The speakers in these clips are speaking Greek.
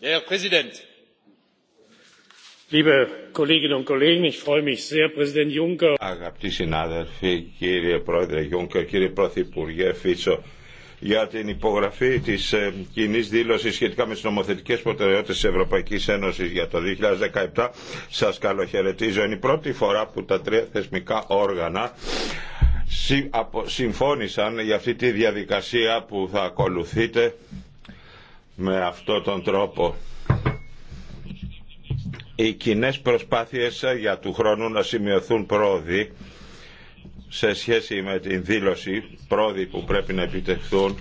herr präsident αγαπητοί συνάδελφοι κύριε πρόεδρε juncker κύριε πρωθυπουργέ φίτσο για την υπογραφή τη ε, κοινή δήλωση σχετικά με τι νομοθετικέ προτεραιότητε τη Ευρωπαϊκή Ένωση για το 2017. Σα καλοχαιρετίζω. Είναι η πρώτη φορά που τα τρία θεσμικά όργανα συμφώνησαν για αυτή τη διαδικασία που θα ακολουθείτε με αυτό τον τρόπο οι κοινέ προσπάθειες ε, για του χρόνου να σημειωθούν πρόοδοι σε σχέση με την δήλωση πρόοδοι που πρέπει να επιτευχθούν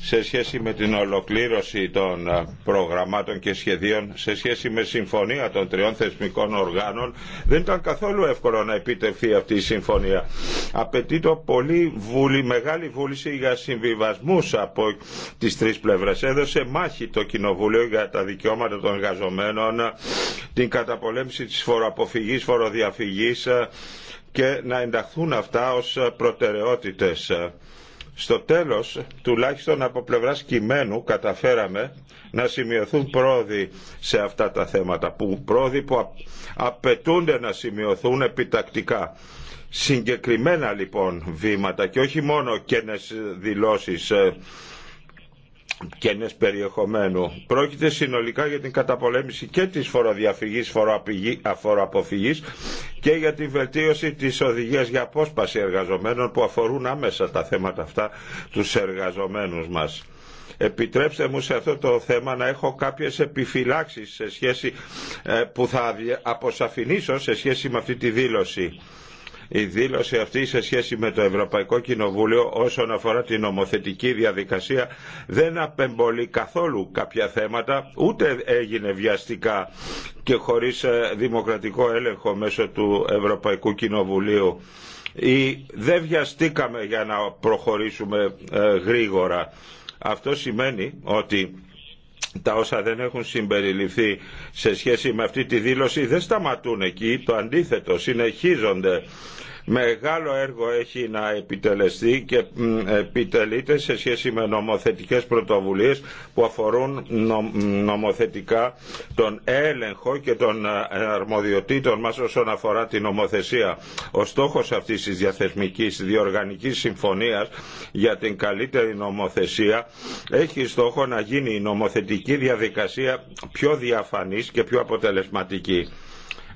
σε σχέση με την ολοκλήρωση των ε, προγραμμάτων και σχεδίων, σε σχέση με συμφωνία των τριών θεσμικών οργάνων, δεν ήταν καθόλου εύκολο να επιτευχθεί αυτή η συμφωνία. Απαιτεί το πολύ βούλη, μεγάλη βούληση για συμβιβασμού από τι τρει πλευρέ. Έδωσε μάχη το Κοινοβούλιο για τα δικαιώματα των εργαζομένων, την καταπολέμηση τη φοροαποφυγή, φοροδιαφυγή ε, και να ενταχθούν αυτά ως προτεραιότητες στο τέλος, τουλάχιστον από πλευράς κειμένου, καταφέραμε να σημειωθούν πρόοδοι σε αυτά τα θέματα, που πρόοδοι που απαιτούνται να σημειωθούν επιτακτικά. Συγκεκριμένα λοιπόν βήματα και όχι μόνο καινές δηλώσεις ε, κενές περιεχομένου. Πρόκειται συνολικά για την καταπολέμηση και της φοροδιαφυγής, φοροαποφυγής και για την βελτίωση της οδηγίας για απόσπαση εργαζομένων που αφορούν άμεσα τα θέματα αυτά τους εργαζομένους μας. Επιτρέψτε μου σε αυτό το θέμα να έχω κάποιες επιφυλάξεις σε σχέση, ε, που θα αποσαφηνίσω σε σχέση με αυτή τη δήλωση η δήλωση αυτή σε σχέση με το Ευρωπαϊκό Κοινοβούλιο όσον αφορά την νομοθετική διαδικασία δεν απεμπολεί καθόλου κάποια θέματα ούτε έγινε βιαστικά και χωρίς ε, δημοκρατικό έλεγχο μέσω του Ευρωπαϊκού Κοινοβουλίου ή δεν βιαστήκαμε για να προχωρήσουμε ε, γρήγορα. Αυτό σημαίνει ότι τα όσα δεν έχουν συμπεριληφθεί σε σχέση με αυτή τη δήλωση δεν σταματούν εκεί, το αντίθετο συνεχίζονται Μεγάλο έργο έχει να επιτελεστεί και επιτελείται σε σχέση με νομοθετικές πρωτοβουλίες που αφορούν νομοθετικά τον έλεγχο και των ε, αρμοδιοτήτων μας όσον αφορά την νομοθεσία. Ο στόχος αυτής της διαθεσμικής διοργανικής συμφωνίας για την καλύτερη νομοθεσία έχει στόχο να γίνει η νομοθετική διαδικασία πιο διαφανής και πιο αποτελεσματική.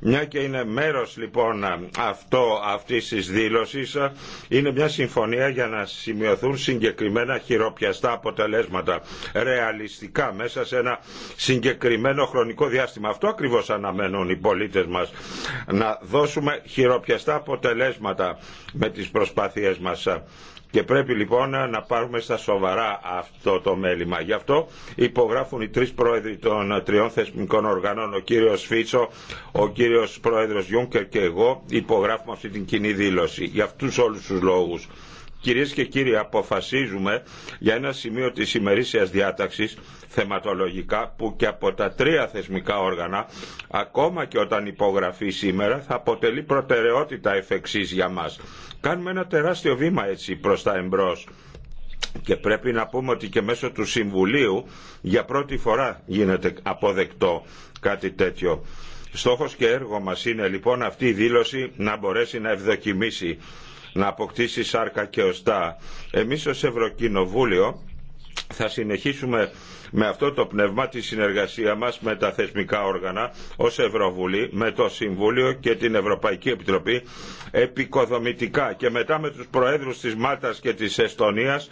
Μια και είναι μέρος λοιπόν αυτό αυτής της δήλωσης, είναι μια συμφωνία για να σημειωθούν συγκεκριμένα χειροπιαστά αποτελέσματα, ρεαλιστικά μέσα σε ένα συγκεκριμένο χρονικό διάστημα. Αυτό ακριβώς αναμένουν οι πολίτες μας, να δώσουμε χειροπιαστά αποτελέσματα με τις προσπάθειές μας. Και πρέπει λοιπόν να πάρουμε στα σοβαρά αυτό το μέλημα. Γι' αυτό υπογράφουν οι τρεις πρόεδροι των τριών θεσμικών οργανών, ο κύριος Φίτσο, ο κύριος πρόεδρος Γιούνκερ και εγώ υπογράφουμε αυτή την κοινή δήλωση. Για αυτούς όλους τους λόγους Κυρίες και κύριοι, αποφασίζουμε για ένα σημείο της ημερήσιας διάταξης θεματολογικά που και από τα τρία θεσμικά όργανα, ακόμα και όταν υπογραφεί σήμερα, θα αποτελεί προτεραιότητα εφ' για μας. Κάνουμε ένα τεράστιο βήμα έτσι προς τα εμπρός. Και πρέπει να πούμε ότι και μέσω του Συμβουλίου για πρώτη φορά γίνεται αποδεκτό κάτι τέτοιο. Στόχος και έργο μας είναι λοιπόν αυτή η δήλωση να μπορέσει να ευδοκιμήσει να αποκτήσει σάρκα και οστά. Εμείς ως Ευρωκοινοβούλιο θα συνεχίσουμε με αυτό το πνεύμα τη συνεργασία μας με τα θεσμικά όργανα ως Ευρωβουλή, με το Συμβούλιο και την Ευρωπαϊκή Επιτροπή επικοδομητικά και μετά με τους Προέδρους της Μάλτας και της Εστονίας,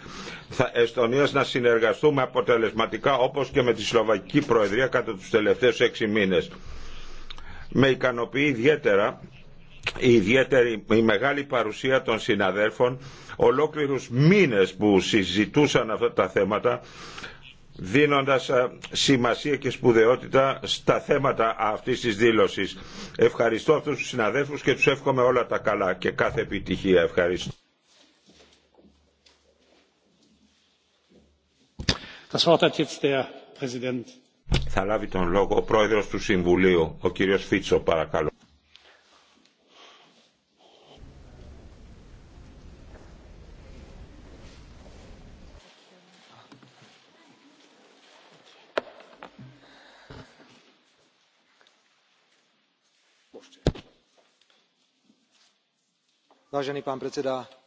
θα, Εστονίας να συνεργαστούμε αποτελεσματικά όπως και με τη Σλοβακική Προεδρία κατά τους τελευταίους έξι μήνες. Με ικανοποιεί ιδιαίτερα η ιδιαίτερη, μεγάλη παρουσία των συναδέλφων, ολόκληρους μήνες που συζητούσαν αυτά τα θέματα, δίνοντας ε, σημασία και σπουδαιότητα στα θέματα αυτής της δήλωσης. Ευχαριστώ αυτούς τους συναδέλφους και τους εύχομαι όλα τα καλά και κάθε επιτυχία. Ευχαριστώ. Θα λάβει τον λόγο ο πρόεδρος του Συμβουλίου, ο κύριος Φίτσο, παρακαλώ. vážený pán predseda